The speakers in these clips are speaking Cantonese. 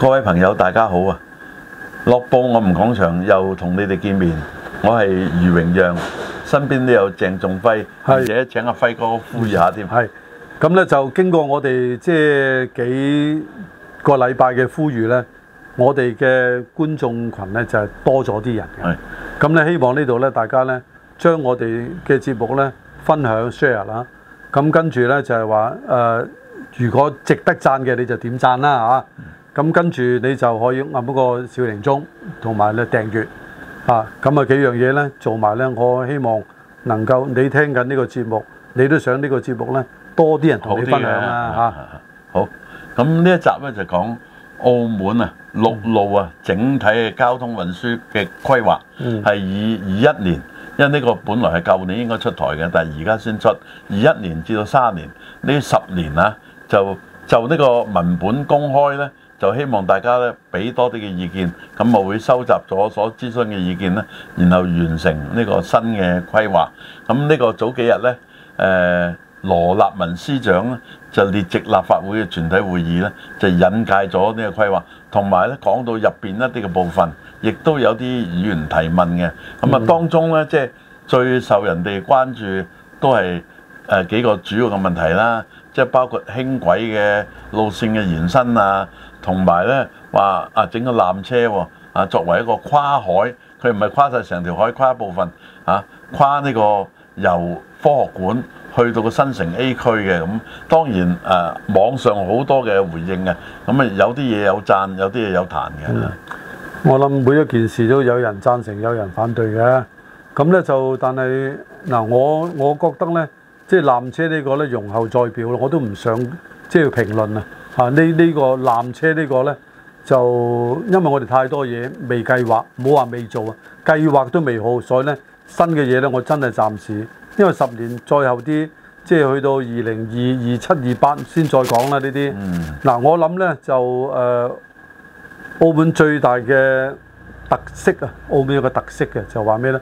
各位朋友，大家好啊！樂報我們講場又同你哋見面，我係余榮讓，身邊都有鄭仲輝，是而且請阿輝哥呼籲下添。係，咁咧就經過我哋即係幾個禮拜嘅呼籲咧，我哋嘅觀眾群咧就係多咗啲人嘅。係是，咁咧希望呢度咧大家咧將我哋嘅節目咧分享 share 啦，咁跟住咧就係話誒，如果值得讚嘅你就點讚啦啊！咁跟住你就可以按嗰個小靈鐘同埋你訂閲啊，咁啊幾樣嘢呢？做埋呢，我希望能夠你聽緊呢個節目，你都想呢個節目呢，多啲人同你分享啊。嚇、啊。啊、好，咁呢一集呢，就講澳門啊陸路啊整體嘅交通運輸嘅規劃，係以二一年，因為呢個本來係舊年應該出台嘅，但係而家先出二一年至到三零年呢十年啊，就就呢個文本公開呢。就希望大家咧俾多啲嘅意見，咁我會收集咗所諮詢嘅意見咧，然後完成呢個新嘅規劃。咁呢個早幾日咧，誒羅立文司長就列席立法會嘅全體會議咧，就引介咗呢個規劃，同埋咧講到入邊一啲嘅部分，亦都有啲議員提問嘅。咁啊，當中咧即係最受人哋關注都係誒幾個主要嘅問題啦，即係包括輕軌嘅路線嘅延伸啊。同埋咧，話啊整個纜車啊作為一個跨海，佢唔係跨晒成條海，跨一部分啊，跨呢個由科學館去到個新城 A 區嘅咁、啊。當然誒、啊，網上好多嘅回應嘅，咁啊有啲嘢有讚，有啲嘢有彈嘅、嗯。我諗每一件事都有人贊成，有人反對嘅。咁、啊、咧就，但係嗱、啊，我我覺得咧，即、就、係、是、纜車呢個咧，容後再表我都唔想即係、就是、評論啊。啊！呢、這、呢個纜車呢個呢，就因為我哋太多嘢未計劃，冇話未做啊，計劃都未好，所以呢，新嘅嘢呢，我真係暫時，因為十年再後啲，即係去到二零二二、二七、二八先再講啦呢啲。嗱、嗯啊，我諗呢，就誒、呃，澳門最大嘅特色啊，澳門有個特色嘅就話咩呢？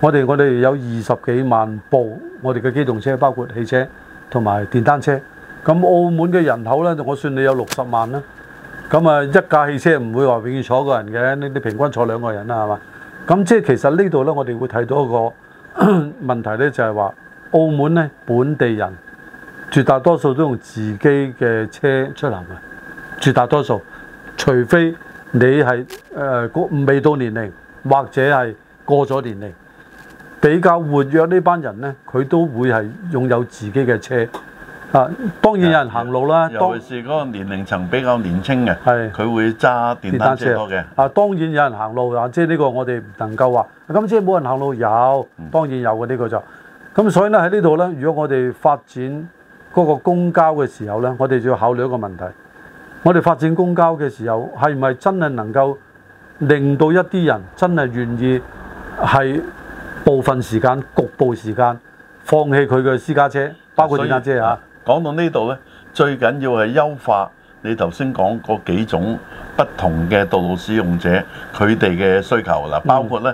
我哋我哋有二十幾萬部我哋嘅機動車，包括汽車同埋電單車。咁澳門嘅人口呢，我算你有六十萬啦。咁啊，一架汽車唔會話永遠坐個人嘅，你你平均坐兩個人啦，係嘛？咁即係其實呢度呢，我哋會睇到一個咳咳問題呢，就係話澳門呢本地人絕大多數都用自己嘅車出行嘅，絕大多數，除非你係誒、呃、未到年齡，或者係過咗年齡比較活躍呢班人呢，佢都會係擁有自己嘅車。啊，當然有人行路啦，尤其是嗰個年齡層比較年輕嘅，佢會揸電單車多嘅。啊，當然有人行路，即係呢個我哋唔能夠話咁即係冇人行路，有當然有嘅呢、這個就咁，啊嗯、所以咧喺呢度咧，如果我哋發展嗰個公交嘅時候咧，我哋就要考慮一個問題，我哋發展公交嘅時候係唔係真係能夠令到一啲人真係願意係部分時間、局部時間放棄佢嘅私家車，包括電單車啊？啊啊講到呢度呢，最緊要係優化你頭先講嗰幾種不同嘅道路使用者佢哋嘅需求啦，包括呢，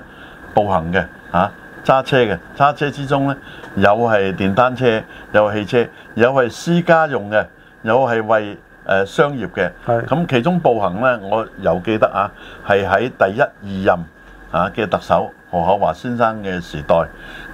步行嘅啊，揸車嘅揸車之中呢，有係電單車，有汽車，有係私家用嘅，有係為商業嘅。咁是，其中步行呢，我又記得啊，係喺第一二任嘅特首何厚鏵先生嘅時代，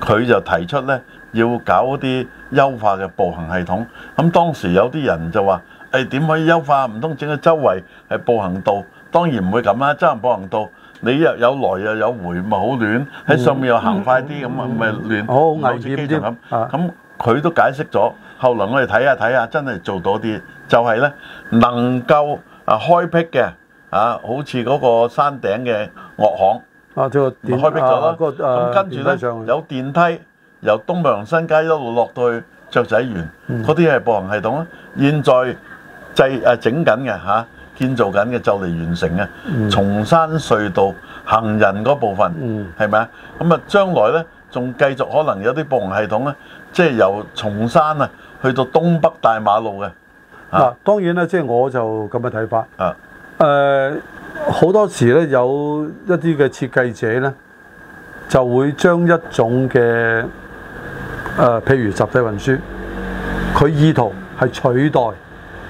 佢就提出呢。要搞啲優化嘅步行系統，咁當時有啲人就話，誒點可以優化？唔通整個周圍係步行道？當然唔會咁啦，周行步行道，你又有來又有回，咪好亂。喺上面又行快啲，咁啊咪亂。好似機場咁，咁佢都解釋咗。後來我哋睇下睇下，真係做多啲，就係咧能夠啊開辟嘅啊，好似嗰個山頂嘅樂行啊，開辟咗啦。跟住咧有電梯。由東望洋新街一路落到去雀仔園，嗰啲係步行系統啊。現在製誒整緊嘅嚇，建造緊嘅就嚟完成啊。松山隧道行人嗰部分係咪啊？咁啊，將來咧仲繼續可能有啲步行系統咧，即係由松山啊去到東北大馬路嘅。嗱，當然咧，即係我就咁嘅睇法。啊是的、呃，誒好多時咧有一啲嘅設計者咧就會將一種嘅。誒，譬如集體運輸，佢意圖係取代，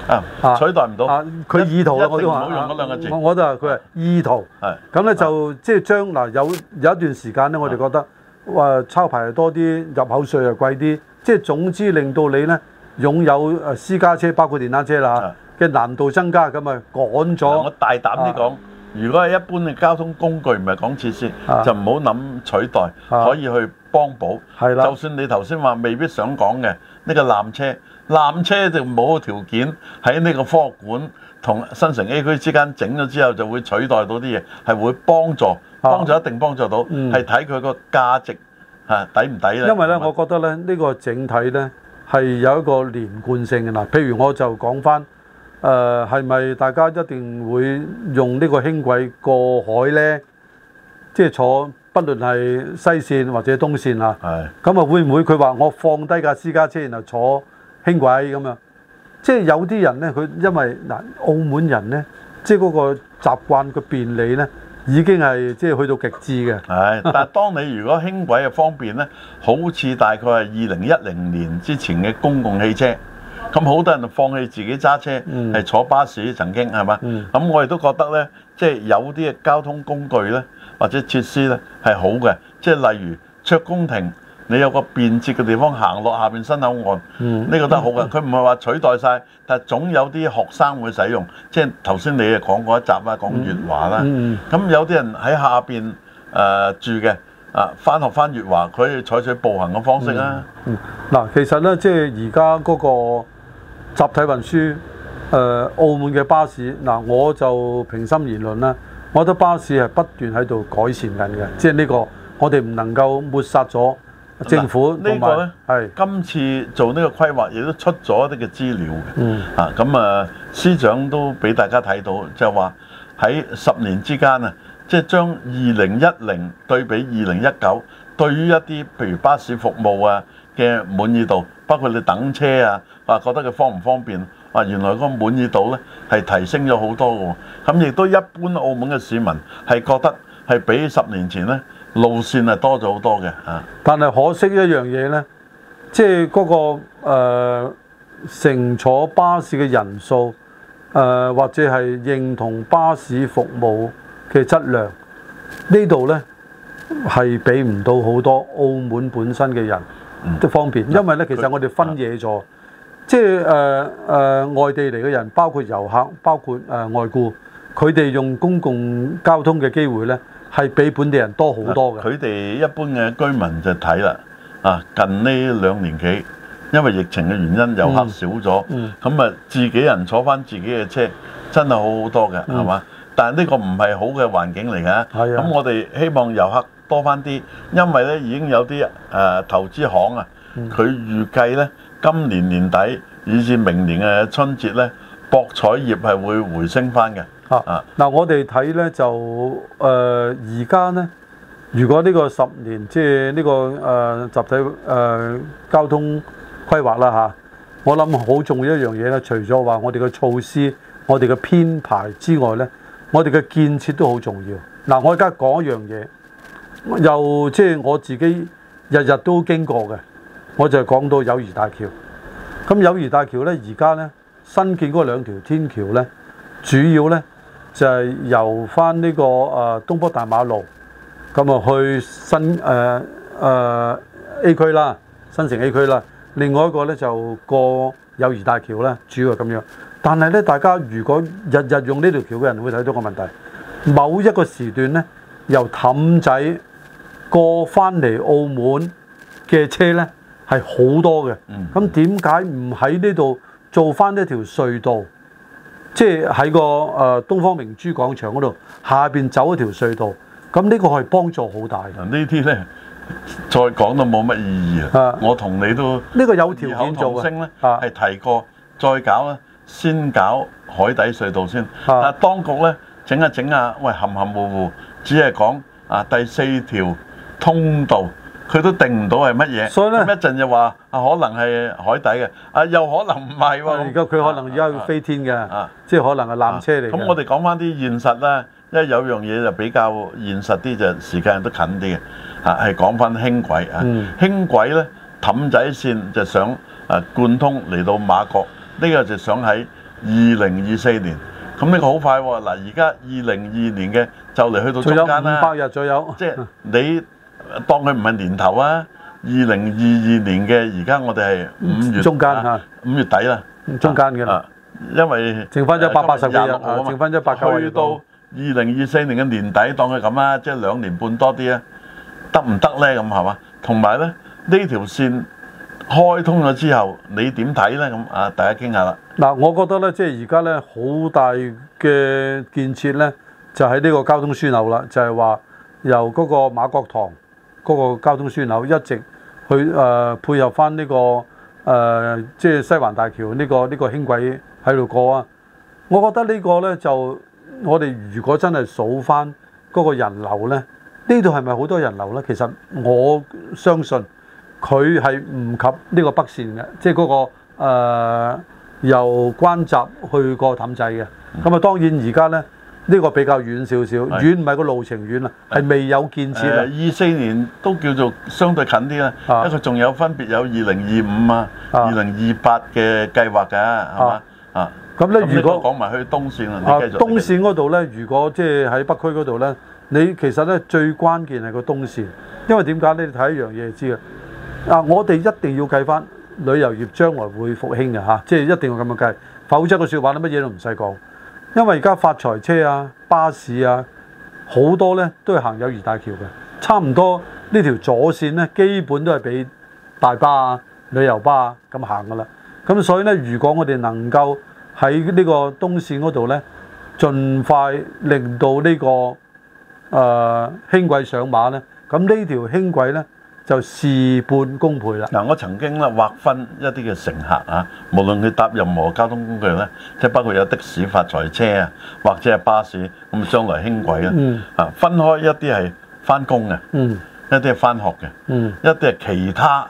啊，取代唔到，啊，佢意圖啊，我都唔好用嗰兩個字。我就係佢係意圖，咁咧就即係將來有有一段時間咧，我哋覺得話抄牌多啲，入口稅又貴啲，即係總之令到你咧擁有誒私家車，包括電單車啦嘅難度增加，咁啊趕咗。我大膽啲講，如果係一般嘅交通工具，唔係講設施，就唔好諗取代，可以去。幫補係啦，就算你頭先話未必想講嘅呢個纜車，纜車就冇條件喺呢個科學館同新城 A 區之間整咗之後，就會取代到啲嘢，係會幫助，幫助一定幫助到，係睇佢個價值啊抵唔抵咧？因為咧，我覺得咧，呢個整體咧係有一個連貫性嘅喇。譬如我就講翻，誒係咪大家一定會用呢個輕軌過海咧？即係坐。不論係西線或者東線啊，咁啊是會唔會佢話我放低架私家車，然後坐輕軌咁樣？即係有啲人呢，佢因為嗱澳門人呢，即係嗰個習慣嘅便利呢，已經係即係去到極致嘅。係，但係當你如果輕軌嘅方便呢， 好似大概係二零一零年之前嘅公共汽車，咁好多人放棄自己揸車，係、嗯、坐巴士曾經係嘛？咁、嗯、我亦都覺得呢，即係有啲嘅交通工具呢。或者設施咧係好嘅，即係例如卓公亭，你有個便捷嘅地方行落下邊新口岸，呢個都好嘅。佢唔係話取代晒，但係總有啲學生會使用。即係頭先你係講過一集啊，講粵華啦。咁、嗯嗯、有啲人喺下邊誒、呃、住嘅啊，翻、呃、學翻粵華，佢可以採取步行嘅方式啊、嗯。嗱、嗯嗯，其實咧，即係而家嗰個集體運輸誒、呃，澳門嘅巴士，嗱、呃，我就平心而論啦。我覺得巴士係不斷喺度改善緊嘅，即係呢個我哋唔能夠抹殺咗政府個呢，同埋係今次做呢個規劃，亦都出咗一啲嘅資料。嗯啊，咁啊司長都俾大家睇到，就係話喺十年之間啊，即係將二零一零對比二零一九，對於一啲譬如巴士服務啊嘅滿意度，包括你等車啊，或覺得佢方唔方便。啊，原來嗰個滿意度咧係提升咗好多嘅，咁亦都一般澳門嘅市民係覺得係比十年前咧路線係多咗好多嘅啊！但係可惜一樣嘢咧，即係嗰、那個、呃、乘坐巴士嘅人數誒、呃，或者係認同巴士服務嘅質量呢度咧係畀唔到好多澳門本身嘅人都方便，嗯、因為咧他其實我哋分嘢咗。嗯。即係誒誒外地嚟嘅人，包括遊客，包括誒、呃、外僱，佢哋用公共交通嘅機會咧，係比本地人多好多嘅。佢哋一般嘅居民就睇啦，啊，近呢兩年幾，因為疫情嘅原因，遊客少咗，咁啊、嗯嗯、自己人坐翻自己嘅車真，真係好好多嘅，係嘛？但係呢個唔係好嘅環境嚟嘅，咁、嗯、我哋希望遊客多翻啲，因為咧已經有啲誒、啊、投資行啊，佢預計咧。今年年底以至明年嘅春節咧，博彩業係會回升翻嘅。啊，嗱，我哋睇咧就誒而家咧，如果呢個十年即係呢個誒集體誒交通規劃啦嚇，我諗好重要一樣嘢咧，除咗話我哋嘅措施、我哋嘅編排之外咧，我哋嘅建設都好重要。嗱、啊，我而家講一樣嘢，又即係我自己日日都經過嘅。我就係講到友誼大橋。咁友誼大橋咧，而家咧新建嗰兩條天橋咧，主要咧就係由翻呢個誒東北大馬路，咁啊去新誒誒、呃呃、A 區啦，新城 A 區啦。另外一個咧就過友誼大橋啦，主要係咁樣。但係咧，大家如果日日用呢條橋嘅人會睇到個問題，某一個時段咧由氹仔過翻嚟澳門嘅車咧。係好多嘅，咁點解唔喺呢度做翻呢條隧道？即係喺個誒東方明珠廣場嗰度下邊走一條隧道，咁呢個係幫助好大。嗱，呢啲咧再講都冇乜意義啊！我同你都同呢個有條件做啊！聲咧係提過，再搞咧先搞海底隧道先。嗱、啊，啊啊、當局咧整下整下，喂含含糊糊，只係講啊第四條通道。佢都定唔到係乜嘢，所以咁一陣就話啊，可能係海底嘅，啊又可能唔係喎。而家佢可能而家要飛天嘅，即係可能係纜車嚟。咁我哋講翻啲現實啦，因為有樣嘢就比較現實啲，就時間都近啲嘅，嚇係講翻輕軌啊，輕軌咧氹仔線就想啊貫通嚟到馬國，呢個就想喺二零二四年，咁呢個好快喎。嗱而家二零二二年嘅就嚟去到中間啦，百日左右，即係你。當佢唔係年頭啊！二零二二年嘅而家我哋係五月中間嚇，五月底啦，中間嘅，因為剩翻咗百八十幾日啊，剩翻咗百九廿六號啊，去到二零二四年嘅年底，當佢咁啦，即係兩年半多啲啊，得唔得咧？咁係嘛？同埋咧，呢條線開通咗之後，你點睇咧？咁啊，大家傾下啦。嗱，啊，我覺得咧，即係而家咧，好大嘅建設咧，就喺呢個交通樞紐啦，就係話由嗰個馬國堂。嗰個交通樞紐一直去誒配合翻、這、呢個誒、呃，即係西環大橋呢、這個呢、這個輕軌喺度過啊！我覺得呢個呢，就我哋如果真係數翻嗰個人流呢，呢度係咪好多人流呢？其實我相信佢係唔及呢個北線嘅，即係嗰、那個、呃、由關閘去過氹仔嘅。咁啊，當然而家呢。呢個比較遠少少，遠唔係個路程遠啊，係是未有建設二四、哎、年都叫做相對近啲啦，一個仲有分別有二零二五啊、二零二八嘅計劃㗎，係嘛啊？咁咧如果講埋去東線，啊、你繼續、啊、東線嗰度咧，如果即係喺北區嗰度咧，你其實咧最關鍵係個東線，因為點解咧？你睇一樣嘢就知啊。啊，我哋一定要計翻旅遊業將來會復興嘅嚇，即係一定要咁樣計，否則個説話你乜嘢都唔使講。因為而家發財車啊、巴士啊，好多咧都係行友誼大橋嘅，差唔多呢條左線咧，基本都係俾大巴啊、旅遊巴啊咁行噶啦。咁所以咧，如果我哋能夠喺呢個東線嗰度咧，盡快令到呢個誒輕軌上馬咧，咁呢條輕軌咧。就事半功倍啦！嗱，我曾經咧劃分一啲嘅乘客啊，無論佢搭任何交通工具咧，即係包括有的士、發財車啊，或者係巴士，咁將來輕軌咧啊，嗯、分開一啲係返工嘅，嗯、一啲係返學嘅，嗯、一啲係其他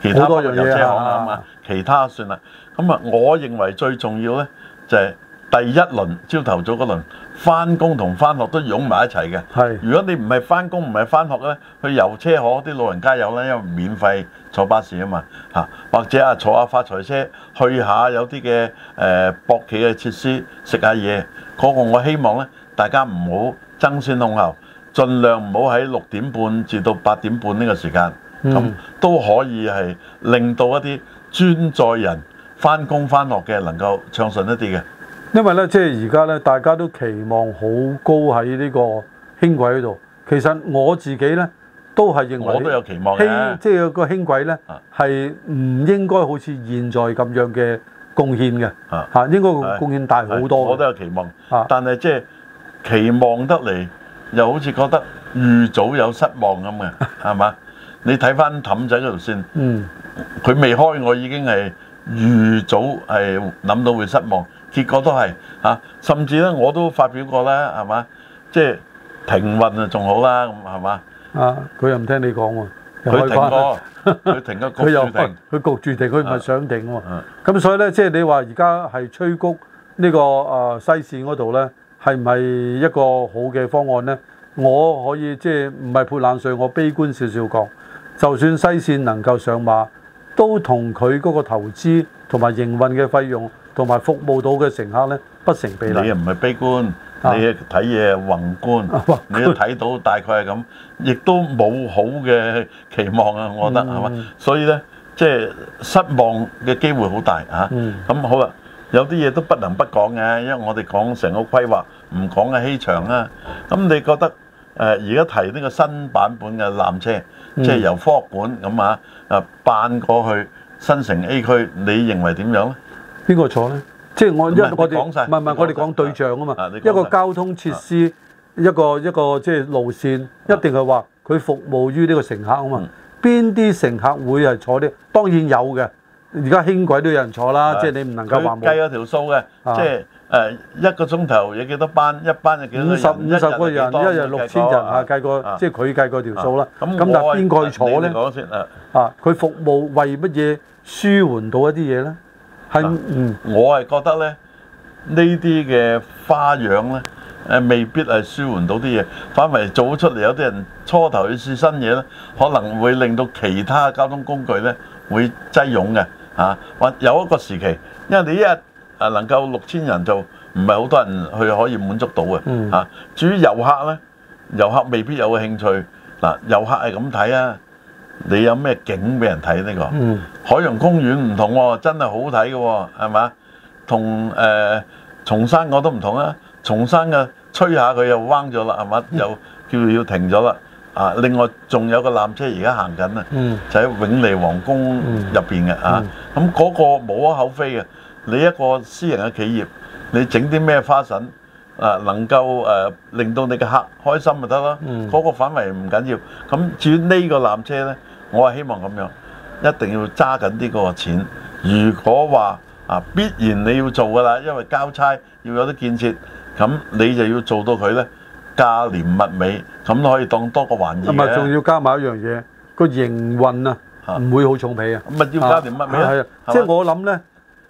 其他嘅遊車行啊嘛，其他算啦。咁啊，我認為最重要咧就係、是。第一輪朝頭早嗰輪，翻工同翻學都擁埋一齊嘅。係，如果你唔係翻工唔係翻學咧，去遊車河啲老人家有啦，因為免費坐巴士啊嘛嚇，或者啊坐下發財車去下有啲嘅誒博企嘅設施食下嘢。嗰個我希望咧，大家唔好爭先恐後，儘量唔好喺六點半至到八點半呢個時間，咁都可以係令到一啲專載人翻工翻學嘅能夠暢順一啲嘅。因為咧，即係而家咧，大家都期望好高喺呢個輕軌嗰度。其實我自己咧都係認為，我都有期望嘅。即係個輕軌咧係唔應該好似現在咁樣嘅貢獻嘅吓，啊、應該貢獻大好多。啊、哎哎我都有期望，但係即係期望得嚟，又好似覺得預早有失望咁嘅，係嘛？啊、你睇翻氹仔嗰度先，嗯，佢未開，我已經係。預早係諗到會失望，結果都係啊！甚至咧，我都發表過啦，係嘛？即係停運啊，仲好啦，咁係嘛？啊，佢又唔聽你講喎，佢停咗，佢停一個，佢又佢焗住停，佢唔係想停喎。咁所以咧，即係你話而家係催谷呢個啊西線嗰度咧，係唔係一個好嘅方案咧？我可以即係唔係潑冷水，我悲觀少少講，就算西線能夠上馬。都同佢嗰個投資同埋營運嘅費用同埋服務到嘅乘客咧，不成比例。你又唔係悲觀，你睇嘢宏觀，啊、你都睇到大概係咁，亦都冇好嘅期望啊！我覺得係嘛、嗯，所以咧即係失望嘅機會大、嗯、好大嚇。咁好啦，有啲嘢都不能不講嘅，因為我哋講成個規劃，唔講嘅欺場啊。咁你覺得？誒而家提呢個新版本嘅纜車，即係由科學館咁啊，啊扮過去新城 A 區，你認為點樣咧？邊個坐咧？即係我因我哋唔係唔係，我哋講對象啊嘛。一個交通設施，一個一個即係路線，一定係話佢服務於呢個乘客啊嘛。邊啲乘客會係坐啲？當然有嘅。而家輕軌都有人坐啦，即係你唔能夠話冇計嗰條數嘅，即係。誒一個鐘頭有幾多班？一班有幾多？五十五十個人一日六千人啊！計過即係佢計過條數啦。咁咁但係邊個去坐咧？講先啊，佢、啊啊、服務為乜嘢舒緩到一啲嘢咧？係、啊嗯、我係覺得咧呢啲嘅花樣咧誒，未必係舒緩到啲嘢，反為做出嚟有啲人初頭去試新嘢咧，可能會令到其他交通工具咧會擠擁嘅啊！或、啊、有一個時期，因為你一日。能夠六千人就唔係好多人去可以滿足到嘅，嚇。至於遊客呢，遊客未必有興趣。嗱，遊客係咁睇啊，你有咩景俾人睇呢個？海洋公園唔同喎，真係好睇嘅，係咪？同誒，松山我都唔同啦，松山嘅吹下佢又彎咗啦，係咪？又叫佢要停咗啦。啊，另外仲有個纜車而家行緊啊，就喺永利皇宮入邊嘅啊。咁嗰個無可厚非嘅。你一個私人嘅企業，你整啲咩花神啊？能夠誒令到你嘅客開心咪得咯。嗰個範圍唔緊要。咁至於呢個纜車咧，我係希望咁樣，一定要揸緊啲嗰個錢。如果話啊必然你要做噶啦，因為交差要有啲建設，咁你就要做到佢咧，價廉物美，咁都可以當多個環境。咁啊，仲要加埋一樣嘢，個營運啊唔會好重皮啊。咁啊，要價廉物美啊。係啊，即係我諗咧。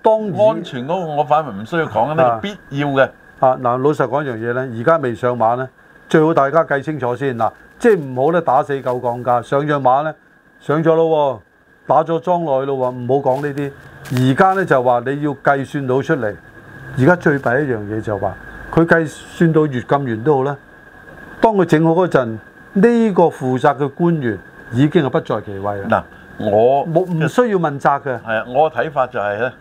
當安全嗰個我反而唔需要講嘅咧，啊、必要嘅。啊嗱，老實講一樣嘢咧，而家未上馬咧，最好大家計清楚先嗱、啊，即係唔好咧打死狗講價。上咗馬咧，上咗咯喎，打咗莊耐咯喎，唔好講呢啲。而家咧就話你要計算到出嚟。而家最弊一樣嘢就話，佢計算到越咁遠都好啦。當佢整好嗰陣，呢、呢個負責嘅官員已經係不在其位啦。嗱、啊，我冇唔需要問責嘅。係啊，我嘅睇法就係、是、咧。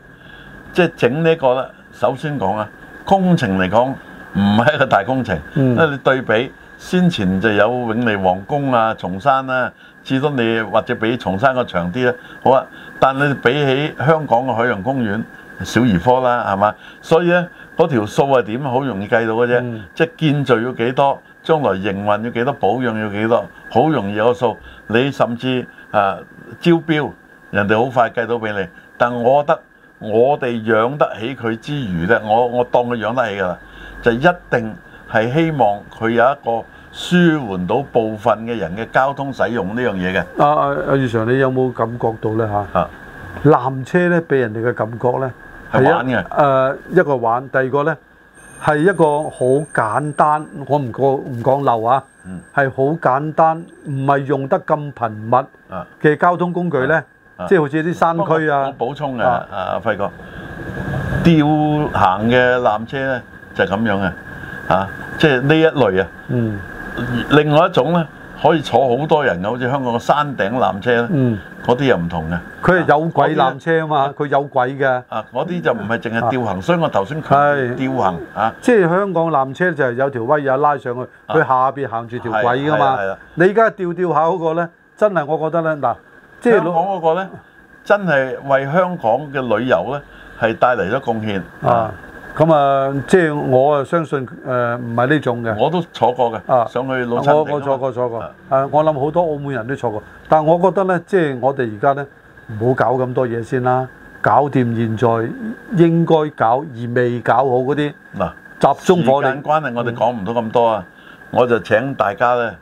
即係整呢、這、一個啦，首先講啊，工程嚟講唔係一個大工程，嗯、因為你對比先前就有永利皇宮啊、松山啦、啊，至多你或者比松山個長啲啦。好啊，但你比起香港嘅海洋公園小兒科啦，係嘛？所以咧嗰條數係點？好容易計到嘅啫，嗯、即係建造要幾多，將來營運要幾多，保養要幾多，好容易個數。你甚至啊、呃、招標，人哋好快計到俾你。但我覺得。我哋養得起佢之餘呢，我我當佢養得起噶啦，就一定係希望佢有一個舒緩到部分嘅人嘅交通使用呢樣嘢嘅。啊啊，阿余常，你有冇感覺到呢？嚇？啊，纜車呢，俾人哋嘅感覺呢，係玩嘅。誒、呃，一個玩，第二個呢，係一個好簡單，我唔講唔講漏啊，係好、嗯、簡單，唔係用得咁頻密嘅交通工具呢。啊啊即係好似啲山區啊，補充啊，阿輝哥，吊行嘅纜車咧就係咁樣嘅，嚇，即係呢一類啊。嗯，另外一種咧可以坐好多人嘅，好似香港嘅山頂纜車咧。嗯，嗰啲又唔同嘅，佢係有軌纜車啊嘛，佢有軌嘅。啊，嗰啲就唔係淨係吊行，所以我頭先講吊行嚇。即係香港纜車就係有條威啊拉上去，佢下邊行住條軌㗎嘛。你而家吊吊下嗰個咧，真係我覺得咧嗱。即係香港嗰個咧，真係為香港嘅旅遊咧係帶嚟咗貢獻啊！咁啊，即係我啊相信誒唔係呢種嘅。我都坐過嘅，啊，上去攞親。我我坐過坐過，誒，我諗好多澳門人都坐過。但係我覺得咧，即係我哋而家咧，唔好搞咁多嘢先啦，搞掂現在應該搞而未搞好嗰啲嗱，集中火力。時間關係，我哋講唔到咁多啊，我就請大家咧。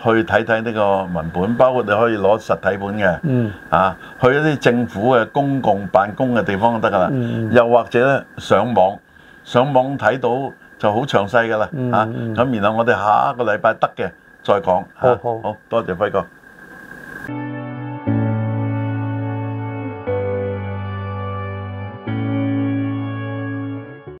去睇睇呢個文本，包括你可以攞實體本嘅，嗯、啊，去一啲政府嘅公共辦公嘅地方就得㗎啦，嗯、又或者咧上網，上網睇到就好詳細㗎啦，嗯、啊，咁然後我哋下一個禮拜得嘅再講，好好，啊，好，多謝輝哥。